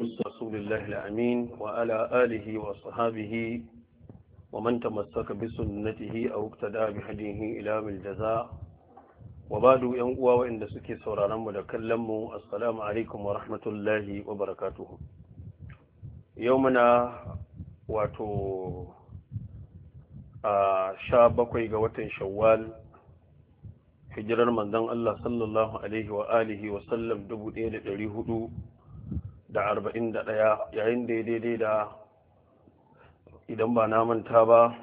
رسول الله الأمين وعلى آله وصحابه ومن تمسك بسنته أو اقتدى بهديه إلى من الجزاء وبعد ينقوى وإن سكي سورانا ودكلموا السلام عليكم ورحمة الله وبركاته يومنا واتو sha bakwai ga watan shawwal hijirar manzon Allah sallallahu alaihi wa alihi wa sallam 1400 da arba'in da ɗaya yayin da ya daidai da idan ba na manta ba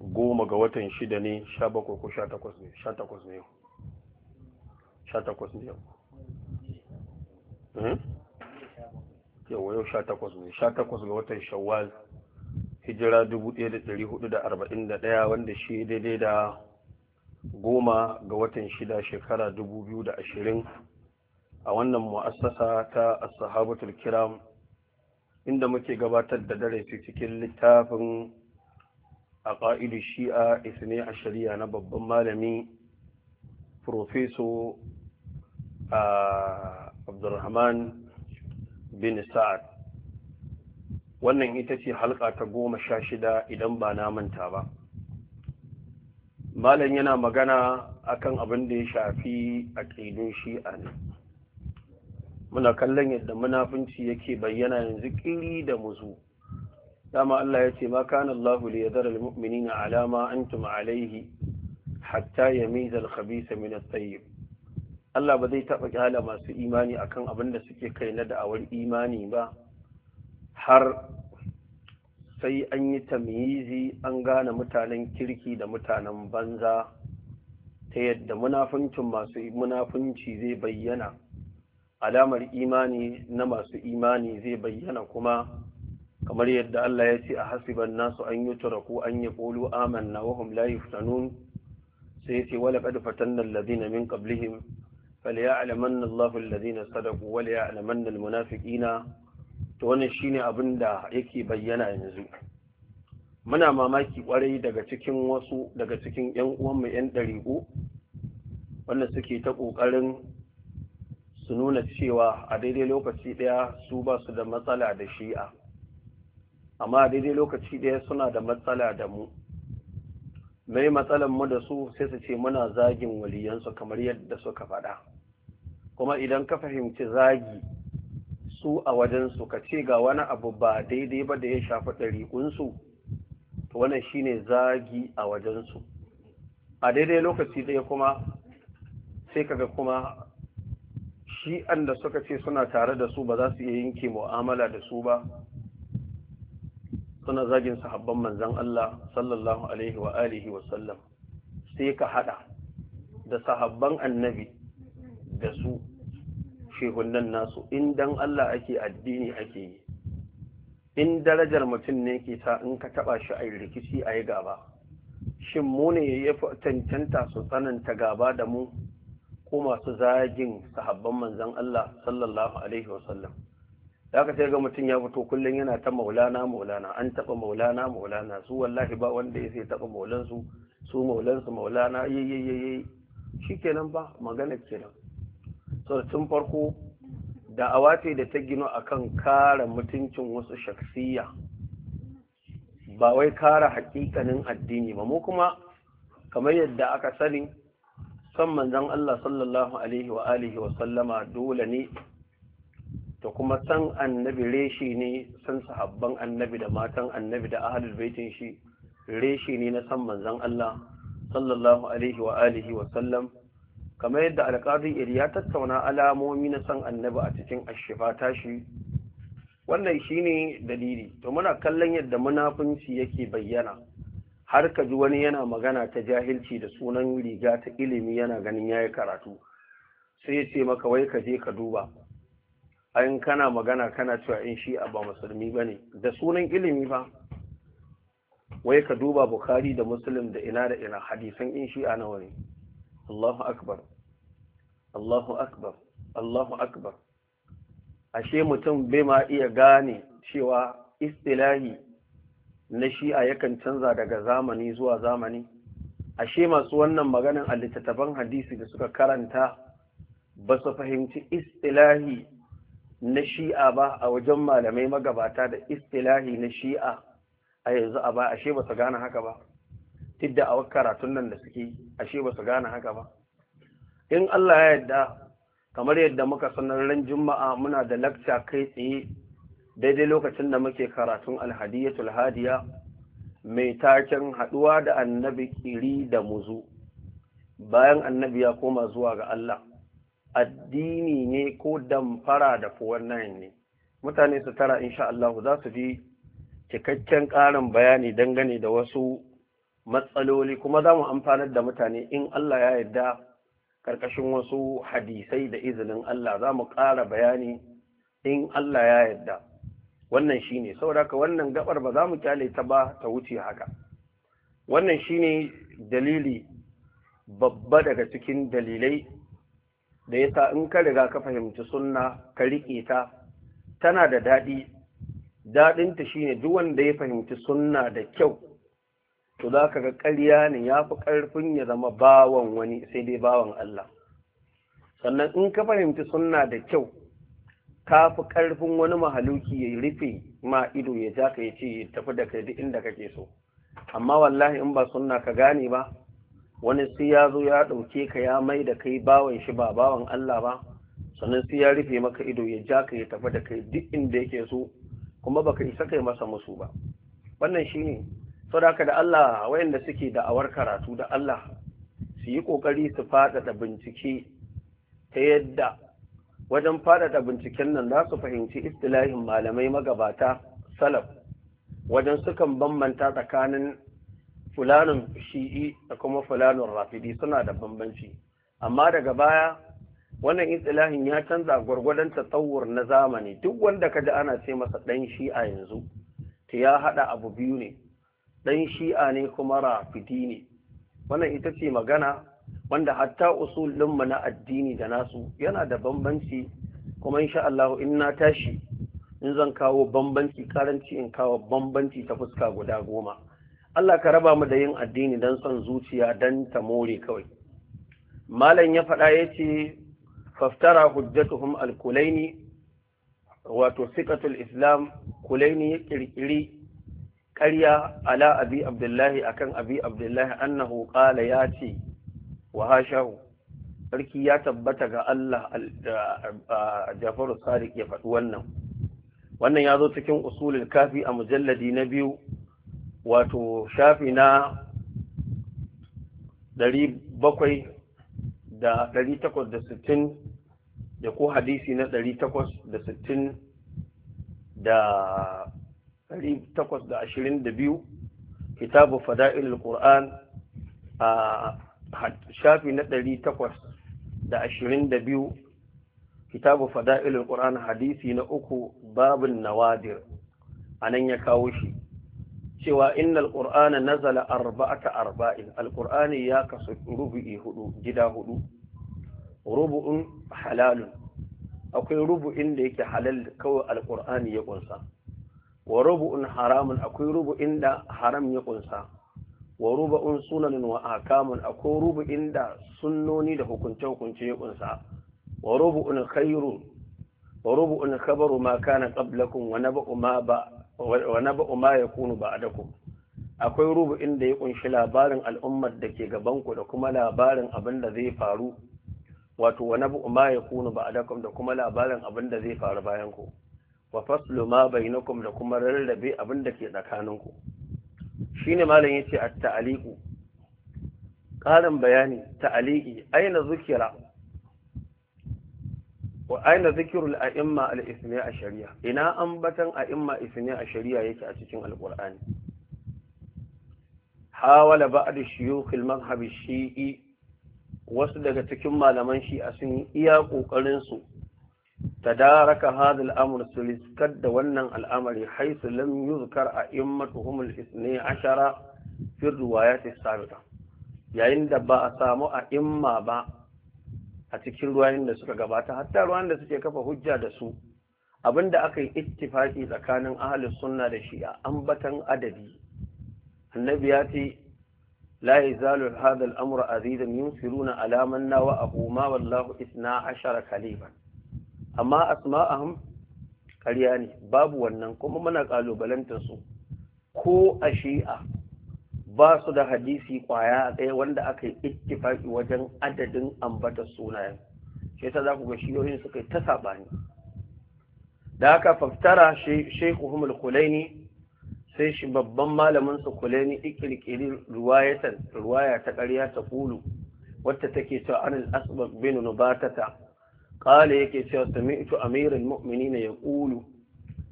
goma ga watan shida ne sha bakwai ko sha takwas ne sha takwas ne sha takwas ne hmm? yau yau sha takwas ne sha takwas ga watan shawwal hijira dubu ɗaya da ɗari hudu da arba'in da ɗaya wanda shi daidai da goma ga watan shida shekara dubu biyu da ashirin a wannan mu'assasa ta as-sahabatul kiram inda muke gabatar da darasi cikin littafin a ƙa'idu shi'a isne a shari'a na babban malami profeso abdulrahman bin sa'ad wannan ita ce halka ta goma sha shida idan ba na manta ba malam yana magana akan abin da ya shafi a ƙidun shi'a ne muna kallon yadda munafunci yake bayyana yanzu kiri da muzu dama Allah ya ce ma kana Allah li yadhara almu'minina ala ma antum alayhi hatta yamiza al-khabitha min at-tayyib Allah ba zai taba kyala masu imani akan abin da suke kai na da'awar imani ba har sai an yi tamyizi an gane mutanen kirki da mutanen banza ta yadda munafuncin masu munafunci zai bayyana alamar imani na masu imani zai bayyana kuma kamar yadda Allah ya ce a hasiban nasu an yi turaku an yi ƙolu amanna wa hum la yuftanun sai ya ce wala qad fatanna alladhina min qablihim فليعلمن الله الذين صدقوا وليعلمن المنافقين to wannan shine abin da yake bayyana yanzu muna mamaki kwarai daga cikin wasu daga cikin yan uwanmu yan ɗari'u wanda suke ta ƙoƙarin su nuna cewa a daidai lokaci ɗaya su ba su da matsala da shi'a amma a daidai lokaci ɗaya suna da matsala da mu mai matsalan mu da su sai su ce muna zagin waliyansu kamar yadda suka faɗa kuma idan ka fahimci zagi su a wajensu ka ce ga wani abu ba daidai ba da ya shafi ɗariƙunsu to wannan shine zagi a wajensu a daidai lokaci ɗaya kuma sai kaga kuma shi'an da suka ce suna tare da su ba za su iya yanke mu'amala da su ba suna zagin sahabban manzan Allah sallallahu alaihi wa alihi wa sallam sai ka hada da sahabban annabi da su nan nasu in dan Allah ake addini ake yi in darajar mutum ne ke sa in ka taba shi a rikici a yi gaba shin mu ne ya fi tantanta su tsananta gaba da mu ko masu zagin sahabban manzan Allah sallallahu alaihi wasallam da aka sai ga mutum ya fito kullum yana ta maulana maulana an taba maulana maulana su wallahi ba wanda ya sai taba maulansu su maulansu maulana yayyayaye shikenan ba magana kenan so tun farko da'awa ce da ta gino kan kare mutuncin wasu shaksiya ba wai kare haƙiƙanin addini ba mu kuma kamar yadda aka sani san manzon Allah sallallahu alaihi wa alihi wa sallama dole ne ta kuma san annabi reshi ne san sahabban annabi da matan annabi da ahlul baitin shi reshi ne na san manzon Allah sallallahu alaihi wa alihi wa sallam kamar yadda alƙadi iri ya tattauna alamomi na san annabi a cikin ashifa tashi wannan shine dalili to muna kallon yadda munafunci yake bayyana har ka ji wani yana magana ta jahilci da sunan riga ta ilimi yana ganin ya yi karatu sai ya ce maka wai ka je ka duba ayin kana magana kana cewa in shi a ba musulmi ba ne, da sunan ilimi ba? wai ka duba Bukari da muslim da ina da ina hadisan in shi a nawa ne Allahu akbar Allahu akbar Allahu akbar ashe mutum bai ma iya gane cewa istilahi na shi'a yakan canza daga zamani zuwa zamani ashe masu wannan maganin a littattafan hadisi da suka karanta ba su fahimci istilahi na shi'a ba a wajen malamai magabata da istilahi na shi'a a yanzu a ba ashe ba su gane haka ba tidda a karatun nan da suke ashe ba su gane haka ba in Allah ya yarda kamar yadda muka sanar ran juma'a muna da lakca kai tsaye daidai lokacin da muke karatun alhadiyatul hadiya mai taken haɗuwa da annabi ƙiri da muzu bayan annabi ya koma zuwa ga Allah addini ne ko damfara da fuwannan ne mutane su tara insha Allah za su ji cikakken ƙarin bayani dangane da wasu matsaloli kuma za mu amfanar da mutane in Allah ya yarda ƙarƙashin wasu hadisai da izinin Allah za mu ƙara bayani in Allah ya yarda wannan shi ne saboda wannan gabar ba za mu kyale ta ba ta wuce haka wannan shi ne dalili babba daga cikin dalilai da ya sa in ka riga ka fahimci sunna ka riƙe ta tana da daɗi daɗinta shine duk wanda ya fahimci sunna da kyau to za ka ga ƙarya ne ya fi ƙarfin ya zama bawan wani sai dai bawan Allah sannan in ka fahimci sunna da kyau ka fi ƙarfin wani mahaluki ya rufe ma ido ya ja ka ya ce ya tafi da kai inda kake so amma wallahi in ba sunna ka gane ba wani sai ya zo ya ɗauke ka ya mai da kai bawan shi ba bawan Allah ba sannan sai ya rufe maka ido ya ja ka ya tafi da kai duk inda yake so kuma baka isa kai masa musu ba wannan shine saboda da Allah wayanda suke da awar karatu da Allah su yi kokari su faɗaɗa bincike ta yadda wajen faɗaɗa binciken nan za su fahimci istilahin malamai magabata salaf wajen sukan bambanta tsakanin fulanin shi'i da kuma fulanin rafidi suna da bambanci amma daga baya wannan istilahin ya canza gwargwadon tsawur na zamani duk wanda ka ji ana ce masa ɗan shi'a yanzu ta ya haɗa abu biyu ne ɗan shi'a ne kuma rafidi ne wannan ita ce magana wanda hatta usul na addini da nasu yana da bambanci kuma insha Allah in na tashi in zan kawo bambanci karanci in kawo bambanci ta fuska guda goma Allah ka raba mu da yin addini don son zuciya don ta more kawai malam ya faɗa ya ce faftara hujjatuhum al-kulaini wato sikatul islam kulaini ya ƙirƙiri ƙarya ala abi abdullahi akan abi abdullahi annahu ƙala ya ce wa hashahu sarki ya tabbata ga Allah Jafaru Sadiq ya faɗi wannan wannan ya zo cikin usulul kafi a mujalladi na biyu wato shafi na 700 da 860 da ko hadisi na 860 da sittin da ɗari takwas da ashirin da biyu kitabu fada'ilul Qur'an a shafi na ɗari takwas da ashirin da biyu kitabu fada'ilul ƙuran hadisi na uku babin nawadir Anan ya kawo shi cewa innal qur'ana nazala arba'ata arba'in alqur'ani ya kasu rubu'i hudu gida hudu rubu'un halalun akwai rubu'in da yake halal kawai Alƙur'ani ya ƙunsa. wa rubu'un haramun akwai rubu'in da haram ya ƙunsa. wa ruba'un sunanin wa ahkamun akwai rubu'in da sunnoni da hukunce-hukunce ya kunsa wa rubu'un khairu wa rubu'un khabaru ma kana qablakum wa naba'u ma ba wa naba'u ma yakunu ba'dakum akwai rubu'in da ya kunshi labarin al'ummar da ke gaban ku da kuma labarin abin da zai faru wato wa naba'u ma yakunu ba'dakum da kuma labarin abin da zai faru bayan ku wa faslu ma bainakum da kuma rarrabe abin da ke tsakaninku ku shine malam yace at-ta'liqu ƙarin bayani ta'liqi aina zukira wa aina zikirul a'imma al-ithni a shari'a ina ambatan a'imma ithni a shari'a yake a cikin alqur'ani hawala ba'd shuyukh al-madhhab shi'i wasu daga cikin malaman shi'a sun iya kokarin su تدارك هذا الأمر سلسكد ونن الأمر حيث لم يذكر أئمتهم الاثني عشر في الروايات السابقة yayin da ba a samu a imma ba a cikin ruwayin da suka gabata hatta ruwan da suke kafa hujja da su abinda aka yi ittifaki tsakanin ahalin sunna da shi'a ambatan adadi annabi ya ce la yazalu hadha al-amru azizan yunfiruna alaman nawa abu ma wallahu 12 kaliban amma asma'ahum ƙarya ne babu wannan kuma muna ƙalubalantar su ko a shi'a ba su da hadisi kwaya a ɗaya wanda aka yi ittifaki wajen adadin ambatar sunayen shi ta za ku ga shiyoyin suka yi ta saɓani da aka faftara shehu humul kulaini sai shi babban malamin su kulaini ikirkiri ruwayatan ruwaya ta ƙarya ta kulu wata take cewa anil asbab bin nubatata قال يكي سمعت امير المؤمنين يقول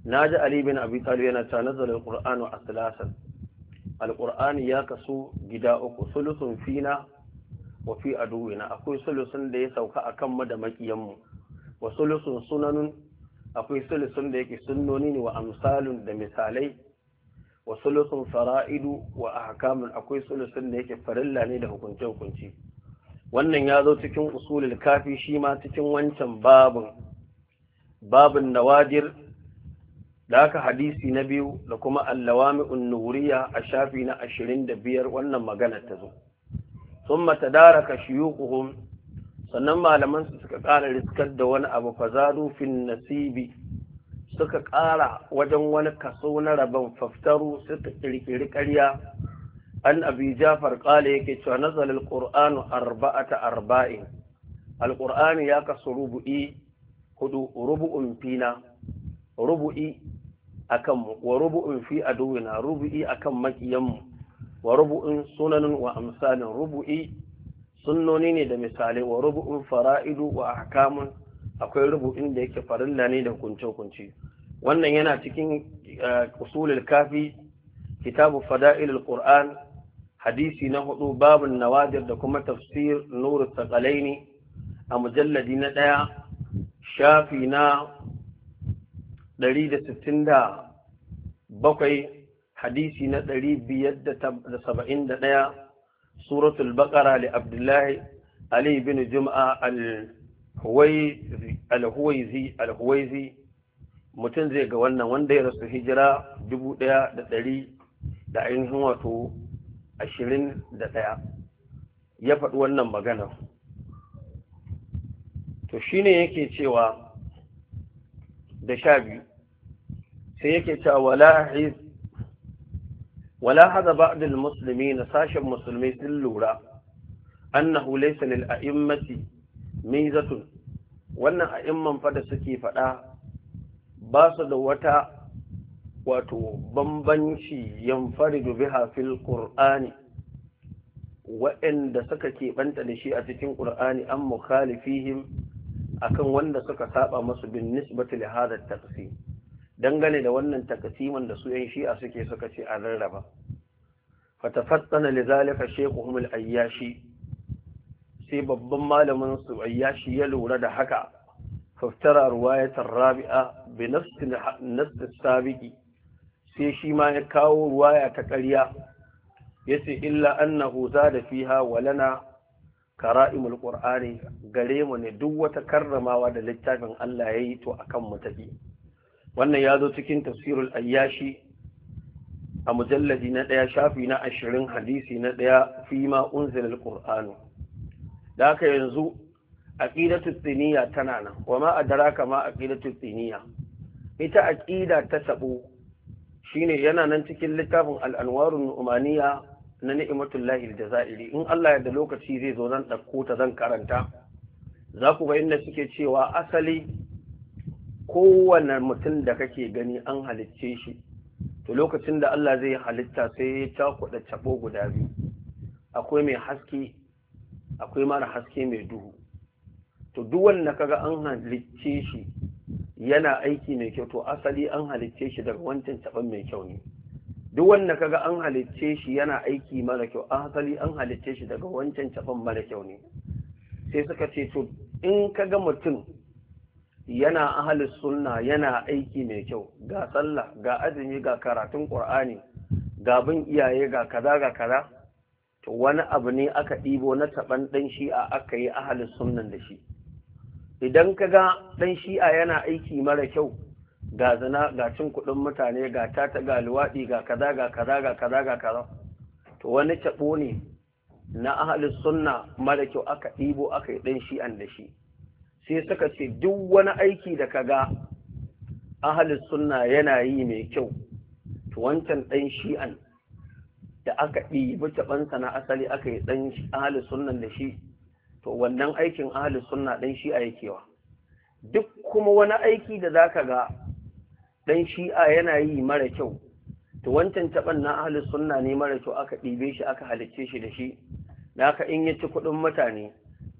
ناجى علي بن ابي طالب القران ينتنزل القران يا كسو غدا اكو ثلث فينا وفي أدونا اكو ثلث ده دي اكن أكم دمك مو وثلث سنن اكو ثلث ده سنوني وامثال ده مثالي وثلث فرائد واحكام اكو ثلث ده دي فرلا ده كنتو كنتي wannan ya zo cikin usulul kafi shi ma cikin wancan babin babin nawadir da hadisi na biyu da kuma allawami unnuriya a shafi na ashirin da biyar wannan magana ta zo sun matadaraka shiyukuhum sannan malaman su suka ƙara riskar da wani abu fazaru fin nasibi suka ƙara wajen wani kaso na rabon faftaru suka ƙirƙiri ƙarya an abi jafar kala yake cewa nazal alqur'anu arba'ata arba'in alqur'ani ya kasu rubu'i hudu rubu'un fina rubu'i akan mu wa rubu'un fi aduwina rubu'i akan makiyan wa rubu'un sunanin wa amsalin rubu'i sunnoni ne da misalai wa rubu'un fara'idu wa ahkamun akwai rubu'in da yake farilla ne da kunce-kunce wannan yana cikin eh, usulul kafi kitabu fada'ilul qur'an hadisi na hudu babu nawadir da kuma tafsir nuru sakalaini a mujalladi na ɗaya shafi na 167 hadisi na 571 suratul baqara li abdullahi ali bin jum'a al mutum zai ga wannan wanda ya rasu hijira 1100 da ainihin wato ashirin da ɗaya ya faɗi wannan magana to shine yake cewa da sha biyu sai yake cewa wala haza ba'dul musulmi na sashen musulmi sun lura annahu laysa lil a'immati mizatun wannan a'imman fa da suke faɗa ba su da wata wato bambanci yanfaridu biha fil qur'ani waɗanda suka keɓanta da shi a cikin ƙur'ani an mukhalifihim akan wanda suka saba masu bin nisbati li hada taqsim dangane da wannan taqsiman da su yan shi'a suke suka ce a rarraba fatafattana lidhalika shaykhuhum al-ayyashi sai babban malamin su ayyashi ya lura da haka faftara ruwayatar rabi'a bi nafsi nafsi sai shi ma ya kawo ruwaya ta ƙarya ya ce illa annahu za da fiha walana kara'imul qur'ani gare mu ne duk wata karramawa da littafin Allah yayi to akan mu tafi wannan ya zo cikin tafsirul ayyashi a mujalladi na ɗaya shafi na ashirin hadisi na ɗaya fi ma unzilal qur'anu da haka yanzu aqidatu tsiniya tana nan wa ma adraka ma aqidatu tsiniya ita aqida ta sabo shine yana nan cikin littafin al'anwarun umaniya na ni'imatullahi da za'iri in Allah ya da lokaci zai zo nan ɗauko ta zan karanta za ku bayyana suke cewa asali kowane mutum da kake gani an halicce shi to lokacin da Allah zai halitta sai ya cakuɗa cabo guda biyu akwai mai haske akwai mara haske mai duhu to duk wanda kaga an halicce shi yana aiki mai kyau to asali an halicce shi daga wancan taban mai kyau ne duk wanda kaga an halicce shi yana aiki mara kyau asali an halicce shi daga wancan taban mara kyau ne sai suka ce to in kaga mutum yana ahli sunna yana aiki mai kyau ga sallah ga azumi ga karatun qur'ani ga bin iyaye ga kaza ga kaza to wani abu ne aka ɗibo na taban ɗan a aka yi ahli sunnan da shi idan ka ga ɗan shi'a yana aiki mara kyau ga zina ga cin kuɗin mutane ga tata ga luwaɗi ga kaza ga kaza ga kaza ga kaza to wani taɓo ne na ahalin sunna mara kyau aka ɗibo aka yi ɗan shi'an da shi sai suka ce duk wani aiki da ka ga ahalin sunna yana yi mai kyau to wancan ɗan shi'an da aka ɗibi taɓansa na asali aka yi ɗan ahalin sunnan da shi to wannan aikin ahli sunna dan shi'a yakewa duk kuma wani aiki da zaka ga dan shi'a yana yi mara kyau to wancan taɓan na ahli sunna ne mara kyau aka ɗibe shi aka halicce shi da shi naka in ya ci kuɗin mutane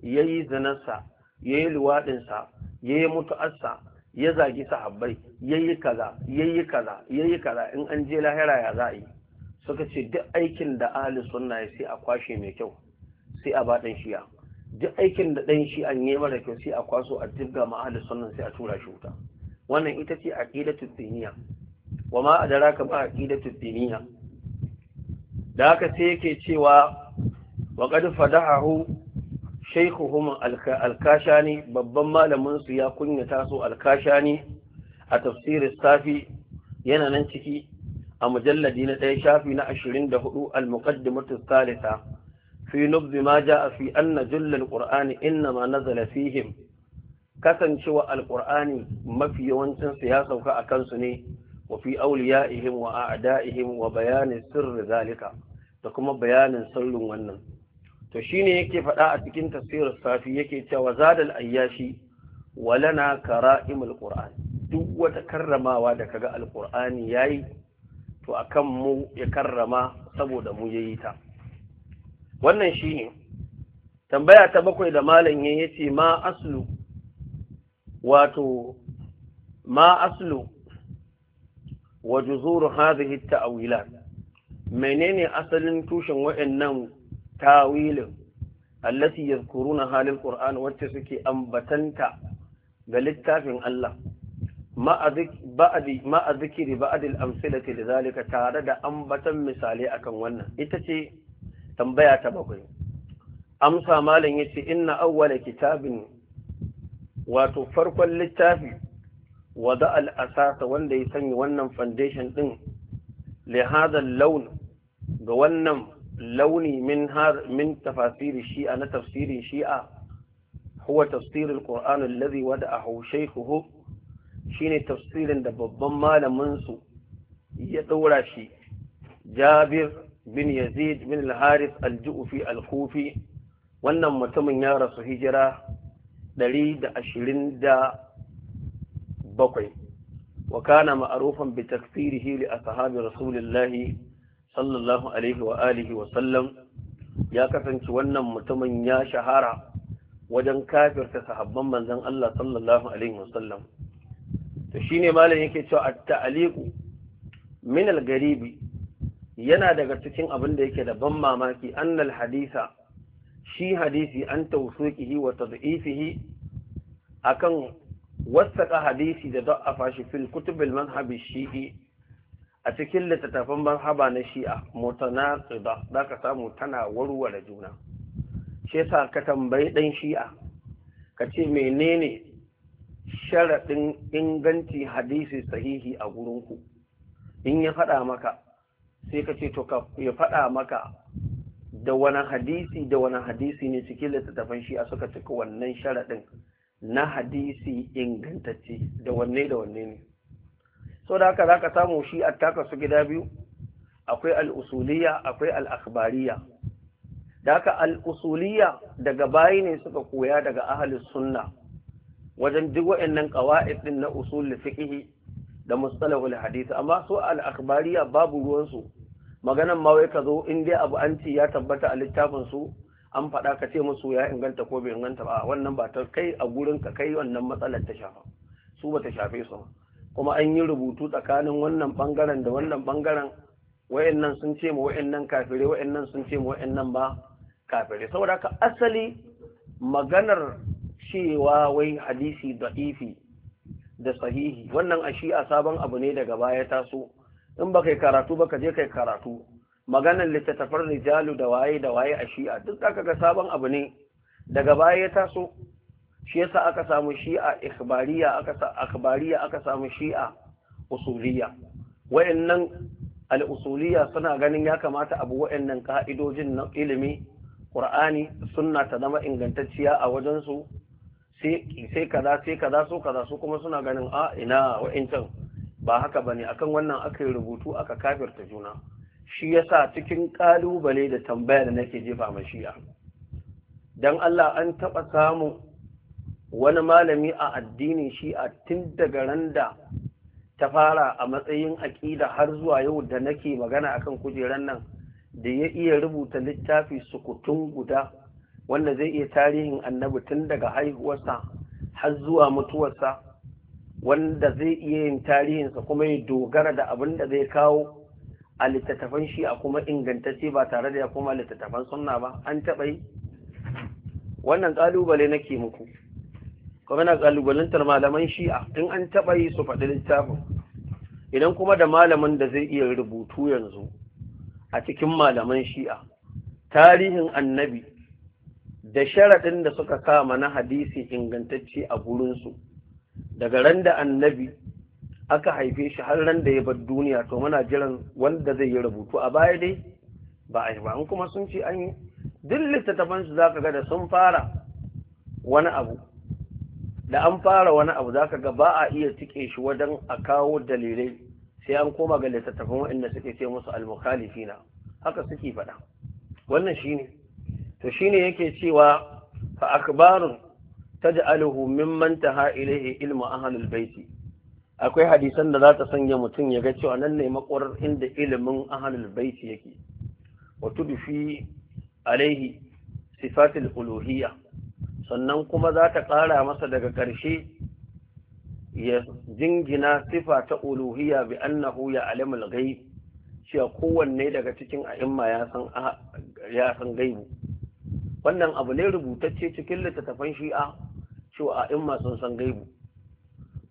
yayi ya yayi luwaɗinsa yayi mutu'arsa ya zagi sahabbai yayi kaza yayi kaza yayi kaza in an je lahira ya yi, suka ce duk aikin da ahli sunna ya sai a kwashe mai kyau sai a ba ɗan shi'a duk aikin da ɗan shi an yi mara kyau sai a kwaso a jibga ma'ahalar sunan sai a tura shi wuta wannan ita ce aqidatul diniya wa ma ba a aqidatul diniya da haka sai yake cewa wa qad fadahu shaykhuhum al-kashani babban malamin su ya kunyata su al-kashani a tafsirin safi yana nan ciki a mujalladi na ɗaya shafi na 24 al-muqaddimatu Salisa. fi nubzi ma ja'a fi anna jullal qur'ani innama nazala fihim kasancewa alƙur'ani mafi yawancin su ya sauka a kansu ne wa fi awliyaihim wa a'da'ihim wa bayanin sirri zalika da kuma bayanin sirrin wannan to shine yake faɗa a cikin tafsirin safi yake cewa zadal ayyashi walana kara'imul qur'an duk wata karramawa da kaga alqur'ani yayi to akan mu ya karrama saboda mu yayi ta wannan ne tambaya ta bakwai da malam ya ce ma aslu wato ma aslu wa juzuru hadhihi ta'wilat menene asalin tushen waɗannan tawilin allati yadhkuruna halil qur'an wacce suke ambatanta ga littafin Allah ma'a zikiri ba'adil amsilati da zalika tare da ambatan misali akan wannan ita ce tambaya ta bakwai amsa malam ya ce inna awwala kitabin wato farkon littafi wada alasasa wanda ya sanya wannan foundation ɗin, li hadha laun ga wannan launi min tafasiri shi'a na tafsirin shi'a huwa tafsir al-qur'an alladhi Hu. Shi shine tafsirin da babban malamin su ya daura shi jabir bin yazid bin al-haris al-ju'fi al-kufi wannan mutumin ya rasu hijira 127 wa kana ma'rufan bi takfirihi li ashabi rasulillah sallallahu alaihi wa alihi wa sallam ya kasance wannan mutumin ya shahara wajen kafirta sahabban manzon Allah sallallahu alaihi wa sallam to shine malam yake cewa at-ta'liqu min al yana daga cikin abin da yake da ban mamaki annal hadisa shi hadisi an tawsuqihi wa tad'ifihi akan wasaqa hadisi da da'afa shi fil kutub al manhab shi'i a cikin littattafan manhaba na shi'a mutanaqida zaka samu tana warware juna shi yasa ka tambayi dan shi'a ka ce menene sharaɗin inganci hadisi sahihi a gurinku in ya faɗa maka sai ka ce to ka ya faɗa maka da wani hadisi da wani hadisi ne cikin littattafan shi a suka cika wannan sharaɗin na hadisi ingantacce da wanne da wanne ne so da haka za ka samu shi a taka su gida biyu akwai al'usuliya akwai al'akbariya da haka al'usuliya daga bayi ne suka koya daga ahalin sunna wajen duk waɗannan ƙawa'id ɗin na usul fiƙihi da mustalahul hadith amma su al-akhbariya babu ruwansu maganan ma wai ka zo in dai abu an ci ya tabbata a littafin su an fada ka ce musu ya inganta ko bai inganta ba wannan ba ta kai a gurin ka kai wannan matsalar ta shafa su ba ta shafe su kuma an yi rubutu tsakanin wannan bangaren da wannan bangaren wayannan sun ce mu wayannan kafire wayannan sun ce mu wayannan ba kafire saboda ka asali maganar cewa wai hadisi da'ifi da sahihi wannan a shi'a sabon abu ne daga baya taso in ba kai karatu ba ka je kai karatu maganar littattafar rijalu da waye da waye a shi'a duk aka ga sabon abu ne daga baya ya taso shi yasa aka samu shi'a ikhbariya aka sa akhbariya aka samu shi'a usuliya wayannan al-usuliya suna ganin ya kamata abu wayannan ka'idojin na ilimi qur'ani sunna ta zama ingantacciya a wajen su sai kaza sai kaza so kaza su kuma suna ganin a ah, ina wa'incan ba haka bane akan wannan aka yi rubutu aka kafirta juna shi yasa cikin kalubale da tambaya da nake jefa ma shi'a dan Allah an taba samu wani malami a addini shi a tun daga randa ta fara a matsayin aƙida har zuwa yau da nake magana akan kujeran nan da ya iya rubuta littafi sukutun guda wanda zai iya tarihin annabi tun daga haihuwarsa har zuwa mutuwarsa wanda zai iya yin tarihinsa kuma ya dogara da abin da zai kawo a littattafan shi a kuma ingantacce ba tare da ya koma littattafan sunna ba an taɓa yi wannan ƙalubale nake muku kuma na ƙalubalantar malaman shi'a tun an taɓa yi su faɗi littafin idan kuma da malamin da zai iya rubutu yanzu a cikin malaman shi'a tarihin annabi da sharaɗin da suka kama na hadisi ingantacce a gurinsu daga ran da annabi aka haife shi har ran da ya bar duniya to muna jiran wanda zai yi rubutu a baya dai ba a yi ba kuma sun ce an yi duk littattafan su zaka ga da sun fara wani abu da an fara wani abu zaka ga ba a iya tike shi wajen a kawo dalilai sai an koma ga littattafan waɗanda suke ce musu al-mukhalifina haka suke faɗa wannan shine to shine yake cewa fa akbarun taj'aluhu mimman taha ilayhi ilmu ahlul baiti akwai hadisan da za ta sanya mutum ya ga cewa nan ne makwarar inda ilimin ahlul baiti yake wa tudfi alaihi sifatul uluhiyya sannan kuma za ta ƙara masa daga ƙarshe ya jingina sifa ta uluhiyya bi annahu ya alimul cewa kowanne daga cikin a'imma ya san gaibu wannan abu ne rubutacce cikin littattafan shi'a cewa in ma sun san gaibu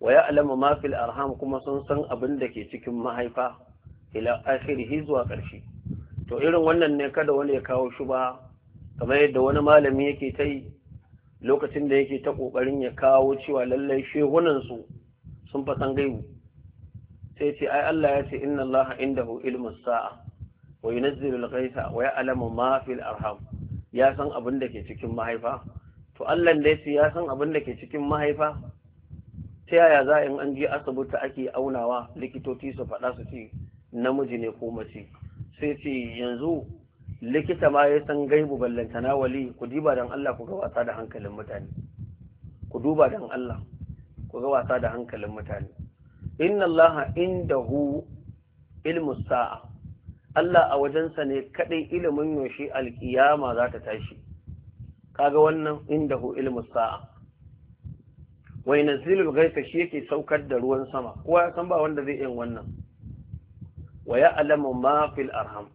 wa ya'lamu ma arham kuma sun san abin da ke cikin mahaifa ila akhirih zuwa ƙarshe to irin wannan ne kada wani ya kawo ba? kamar yadda wani malami yake ta yi lokacin da yake ta kokarin ya kawo cewa lallai shehunan su sun fa san gaibu sai ce ai Allah ya ce inna Allah indahu ilmus sa'a wa yunzilu al-ghaitha wa ya'lamu ma arham ya san abin da ke cikin mahaifa to Allah da ya san abin da ke cikin mahaifa ta yaya za in an je asibiti ake aunawa likitoci su faɗa su ce namiji ne ko mace sai ce yanzu likita ma ya san gaibu na wali ku diba don Allah ku ga wasa da hankalin mutane ku duba don Allah ku ga wasa da hankalin mutane inna Allah indahu ilmu sa'a Allah a wajensa ne kaɗai ilimin yaushe alƙiyama za ta tashi kaga wannan inda hu ilmu sa'a wai nazilul ghaifa shi yake saukar da ruwan sama kowa ya san ba wanda zai yin wannan wa ya'lamu ma fil arham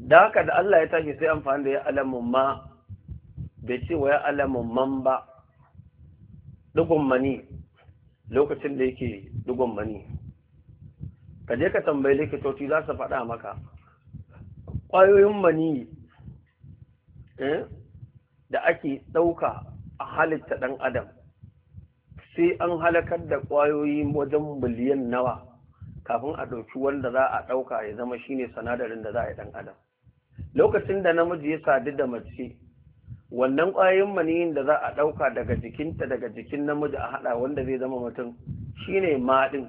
da haka da Allah ya tashi sai amfani da ya'lamu ma bai ce wa ya'lamu man ba dugun mani lokacin da yake dugun mani ka je ka tambayi likitoci za su faɗa maka ƙwayoyin mani eh, da ake ɗauka a halitta ɗan adam sai an halakar da ƙwayoyi wajen miliyan nawa kafin a ɗauki wanda za a ɗauka ya zama shine sanadarin da za a yi ɗan adam lokacin da namiji ya sadu da mace wannan ƙwayoyin maniyin da za a ɗauka daga jikinta daga jikin namiji a haɗa wanda zai zama mutum shine maɗin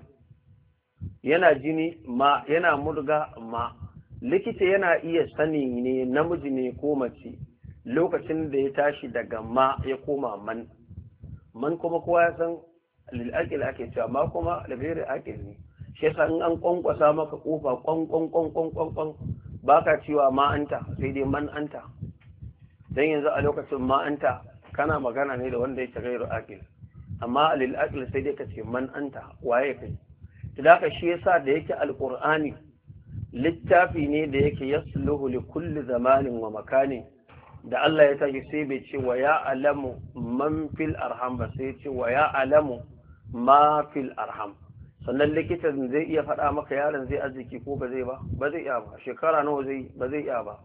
yana jini ma yana murga ma likita yana iya sani ne namiji ne ko mace lokacin da ya tashi daga ma ya koma man man kuma kowa ya san lil'aƙil ake cewa ma kuma labiri aƙil ne shi yasa in an kwankwasa maka kofa kwankwankwankwankwankwan ba ka cewa ma'anta sai dai man'anta don yanzu a lokacin ma'anta kana magana ne da wanda ya gairu akil amma lil'akil sai dai ka ce man'anta waye kai da ka shi yasa da yake Alkur'ani. littafi ne da yake yasluhu li kulli zamanin wa makanin da Allah ya tashi sai bai ce wa ya alamu man fil arham ba sai ce wa ya alamu ma fil arham sannan likitan zai iya faɗa maka yaron zai arziki ko ba zai ba ba zai iya ba shekara nawa zai ba zai iya ba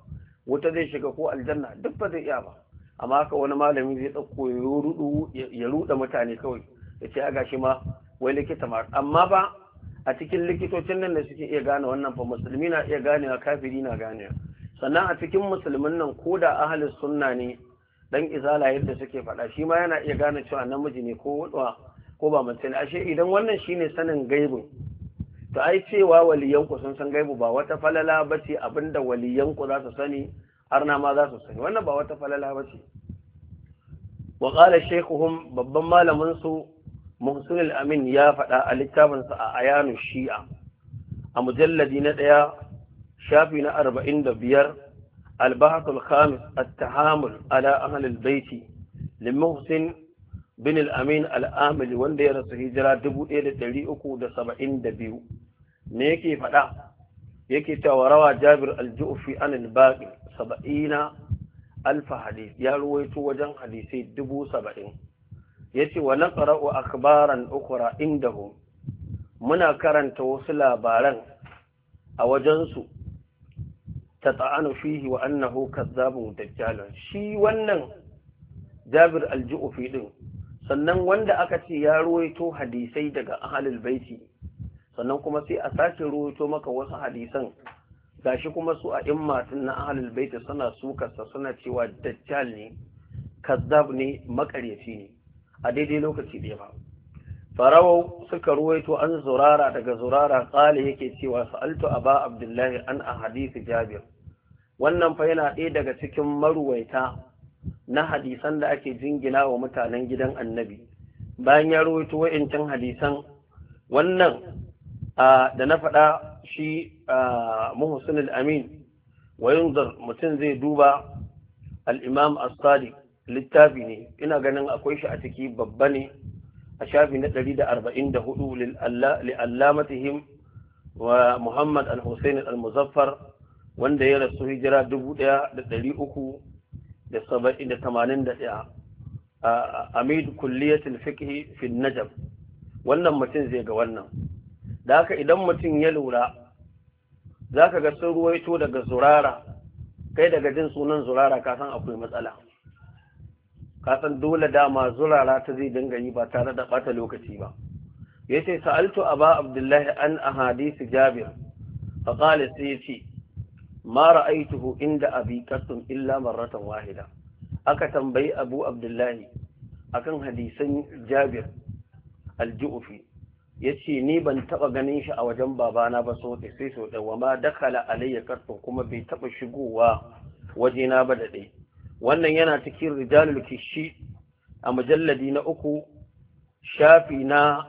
wuta zai shiga ko aljanna duk ba zai iya ba amma haka wani malami zai ɗauko ya ruɗa mutane kawai ya a gashi ma wai likita ma amma ba a cikin likitocin nan da suke iya gane wannan fa musulmi na iya ganewa kafiri na ganewa sannan a cikin musulmin nan ko da ahalin sunna ne dan izala yadda suke faɗa shi ma yana iya gane cewa namiji ne ko wadwa ko ba mace ne ashe idan wannan shine sanin gaibu to ai cewa waliyanku sun san gaibu ba wata falala bace abinda waliyanku za su sani har na ma za su sani wannan ba wata falala bace wa qala shaykhuhum babban malamin su muhsin amin ya faɗa a littafinsa a ayanu shi'a a mujalladi na ɗaya shafi na arba'in da biyar albahatul khamis at-tahamul ala ahlil baiti li muhsin bin al-amin al-amili wanda ya rasu hijira 1372 me yake faɗa yake cewa rawa jabir al-ju'fi an al-baqi 70 alf hadith ya ruwaito wajen hadisai 70 yace wa naqra'u akhbaran ukhra indahum muna karanta wasu labaran a wajensu ta ta'anu fihi wa annahu kazzabin dajjalun shi wannan jabir aljufi din sannan wanda aka ce ya ruwaito hadisai daga ahlul baiti sannan kuma sai a sake ruwaito maka wasu hadisan gashi kuma su a immatin na ahlul baiti suna sukarsa suna cewa dajjal ne kazzab ne makaryaci ne a daidai lokaci ɗaya ba farawau suka ruwaito an zurara daga zurara tsali yake cewa sa'altu aba abdullahi an a hadisi jabir wannan fa yana ɗaya daga cikin maruwaita na hadisan da ake jingina wa mutanen gidan annabi bayan ya ruwaito wa'incin hadisan wannan da na faɗa shi muhsin amin wa mutum zai duba al-imam as-sadiq littafi ne ina ganin akwai shi a ciki babba ne a shafi na 144 li'allamatihim wa Muhammad al-Hussein al-Muzaffar wanda ya rasu hijira 1381 Amid kulliyatul fiqh fi najab wannan mutum zai ga wannan da haka idan mutum ya lura zaka ga sun ruwaito daga zurara kai daga jin sunan zurara ka san akwai matsala kasan dole dama zurara ta zai dinga yi ba tare da bata lokaci ba yace sa'altu aba abdullahi an a hadisi jabir fa qala sai yace mara aituhu inda abi qasum illa marratan wahida aka tambayi abu abdullahi akan hadisan jabir al ya yace ni ban taba ganin shi a wajen babana ba so sai so da wa ma dakala alayya qasum kuma bai taba shigowa wajena ba da dai wannan yana cikin rijalul kishi a mujalladi na uku shafi na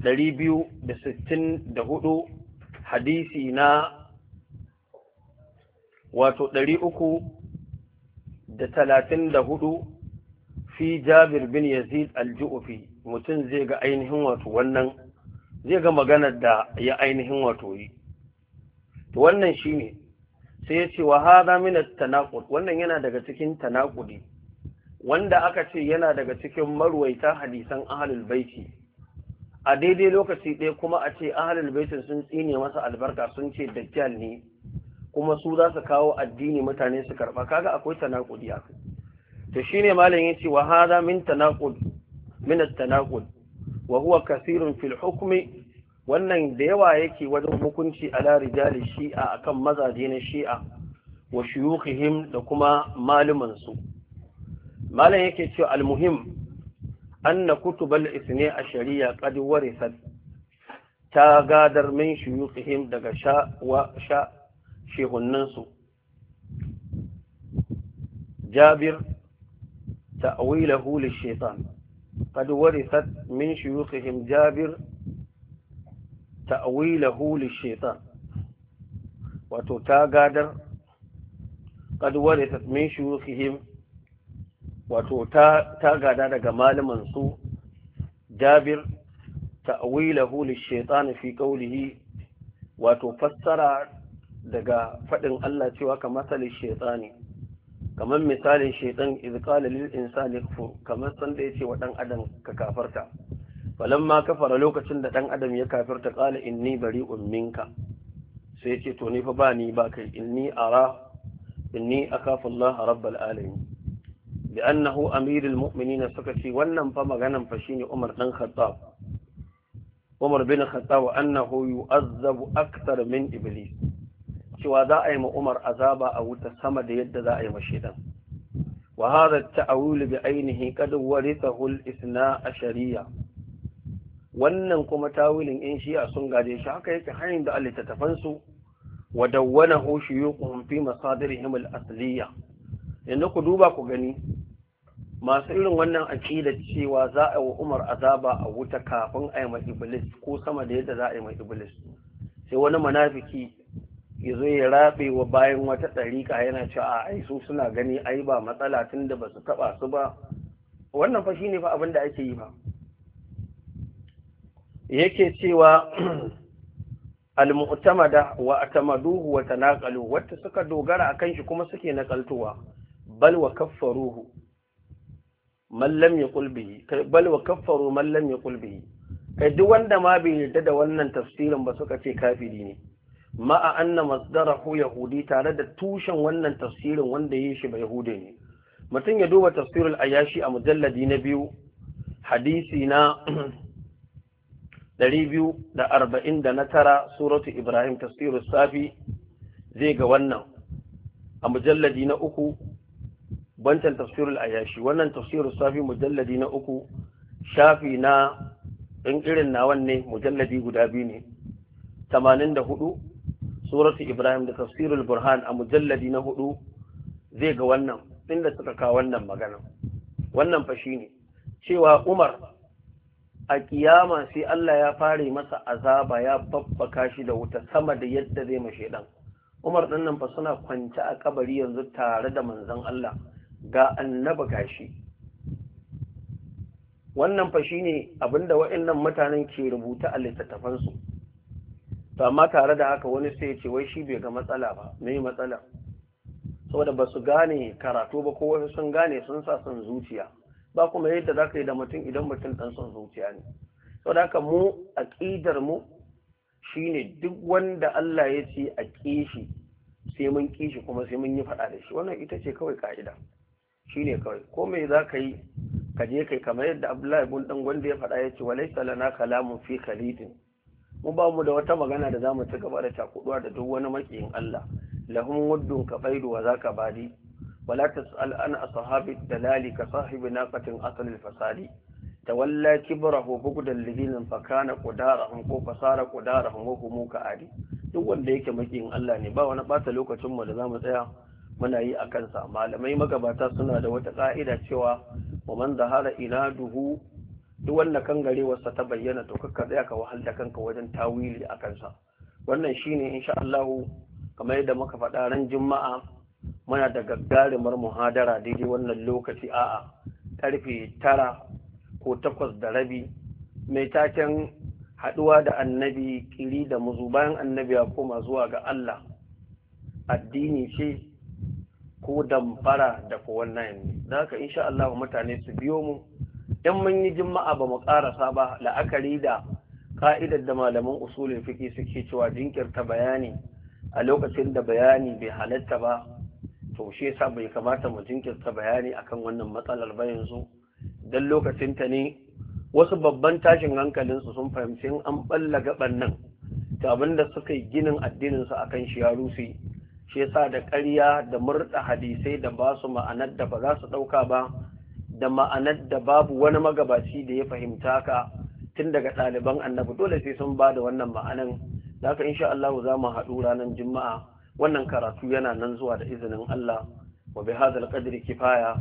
264 hadisi na wato 334 fi jabir bin yazid al-ju'fi mutum zai ga ainihin wato wannan zai ga maganar da ya ainihin wato yi to wannan shine sai ya ce wa hada min at-tanaqud wannan yana daga cikin tanaqudi wanda aka ce yana daga cikin marwaita hadisan ahlul baiti a daidai lokaci ɗaya kuma a ce ahlul baiti sun tsine masa albarka sun ce dajjal ne kuma su za su kawo addini mutane su karba kaga akwai tanaqudi kai to shine malam ce wa hada min tanaqud min at-tanaqud wa huwa kaseerun fil hukmi wannan da yawa yake wajen hukunci ala rijali shi'a akan mazaje na shi'a wa shuyukhihim da kuma malumin su malam yake cewa almuhim anna kutubal isne a shari'a qad Sad, ta gadar min shuyukhihim daga sha wa sha shehunnan su jabir ta'wilahu lish qad warisat min shuyukhihim jabir ta'wilahu lishaitan wato ta gadar qad warithat min wato ta ta gada daga malaman su Jabir ta'wilahu lishaitan fi qawlihi wato fassara daga fadin Allah cewa kamar salin shaitani kamar misalin shaitan iz qala lil insani kafur kamar san da yace wa dan adam ka kafarta falamma kafara lokacin da dan adam ya kafirta qala inni bari'un minka sai yace to ni fa ba ni ba kai inni ara inni akafu Allah rabbal alamin bi annahu amirul mu'minin suka ce wannan fa maganan fa shine Umar dan Khattab Umar bin Khattab annahu yu'azzabu akthar min iblis cewa za a yi ma Umar azaba a wuta sama da yadda za a yi ma shaitan bi ainihi بعينه قد isna a shari'a. wannan kuma tawilin yan shi'a sun gaje shi haka yake hanyar da alittattafan su wa dawwanahu shuyukhum fi masadirihim al-asliya yanzu ku duba ku gani masu irin wannan aƙida cewa za a wa Umar azaba a wuta kafin a yi ma iblis ko sama da yadda za a yi ma iblis sai wani munafuki ya zo ya rabe wa bayan wata ɗarika yana cewa a ai su suna gani ai ba matsala tunda da ba su taɓa su ba wannan fa shine fa abin da ake yi ba yake cewa al-mu'tamada wa atamaduhu wa tanaqalu wata suka dogara akan shi kuma suke nakaltuwa bal wa kaffaruhu man lam yaqul bihi bal wa kaffaru man lam yaqul bihi kai duk wanda ma bai yarda da wannan tafsirin ba suka ce kafiri ne ma'a anna masdarahu yahudi tare da tushen wannan tafsirin wanda yake shi ba Yahudi ne mutum ya duba tafsirul ayashi a mujalladi na biyu hadisi na ɗari biyu da arba'in da na tara suratu ibrahim tasiru safi zai ga wannan a mujalladi na uku bancan tafsirul ayashi wannan tafsirul safi mujalladi na uku shafi na in irin na wanne mujalladi guda biyu ne tamanin suratu ibrahim da tasiru burhan a mujalladi na hudu zai ga wannan inda suka kawo wannan magana wannan fashi ne cewa umar a kiyama sai Allah ya fare masa azaba ya babbaka shi da wuta sama da yadda zai mashe dan Umar din nan fa suna kwance a kabari yanzu tare da manzon Allah ga annaba gashi wannan fa shine abinda waɗannan mutanen ke rubuta a littattafan su to amma tare da haka wani sai ya ce wai shi bai ga matsala ba me matsala saboda ba su gane karatu ba ko wani sun gane sun sa son zuciya ba kuma yadda za ka yi da mutum idan mutum ɗan son zuciya ne sau da haka mu aƙidar mu shine duk wanda Allah ya ce a kishi sai mun ƙishi kuma sai mun yi faɗa da shi wannan ita ce kawai ka'ida shine kawai ko me za ka yi ka je kai kamar yadda Abdullahi ibn ɗan gwanda ya faɗa ya ce walaysa lana kalamun fi khalidin mu ba mu da wata magana da za mu ci gaba da takuduwa da duk wani makiyin Allah lahum wuddun ka baidu wa zaka badi ولا تسأل عن أصحاب الدلال كصاحب ناقة أصل الفساد تولى كبره بغدا لدين فكان قدارهم وفصار قدارهم وهم كعادي duk wanda yake makin Allah ne ba wani bata lokacin mu da zamu tsaya muna yi a kansa. malamai magabata suna da wata ƙa'ida cewa wa man zahara inaduhu duk wanda kan garewarsa ta bayyana to kakka tsaya ka wahal da kanka wajen tawili a kansa. wannan shine insha Allah kamar yadda muka faɗa ran juma'a muna da gaggarumar muhadara daidai wannan lokaci a'a karfe tara ko takwas da rabi mai taken haɗuwa da annabi ƙiri da muzu bayan annabi ya koma zuwa ga Allah addini ce ko damfara da ko wannan Za da haka insha Allah mutane su biyo mu dan mun yi juma'a ba mu karasa ba la'akari da ka'idar da malaman usulin fiƙi suke cewa jinkirta bayani a lokacin da bayani bai halatta ba to shi yasa bai kamata mu jinkirta bayani akan wannan matsalar ba yanzu dan lokacin ta ne wasu babban tashin hankalin su sun fahimci an balla gaban nan ta abinda suka yi ginin addinin su akan shi ya rushe shi yasa da ƙarya da murda hadisai da ba su ma'anar da ba za su ɗauka ba da ma'anar da babu wani magabaci da ya fahimta ka tun daga ɗaliban annabi dole sai sun ba da wannan ma'anan da haka insha Allah za mu haɗu ranar juma'a wannan karatu yana nan zuwa da izinin Allah wa bi hadal qadri kifaya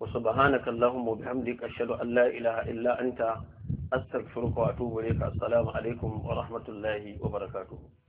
wa subhanaka allahumma wa bihamdika ashhadu an la ilaha illa anta astaghfiruka wa atubu ilayka assalamu alaikum wa rahmatullahi wa barakatuh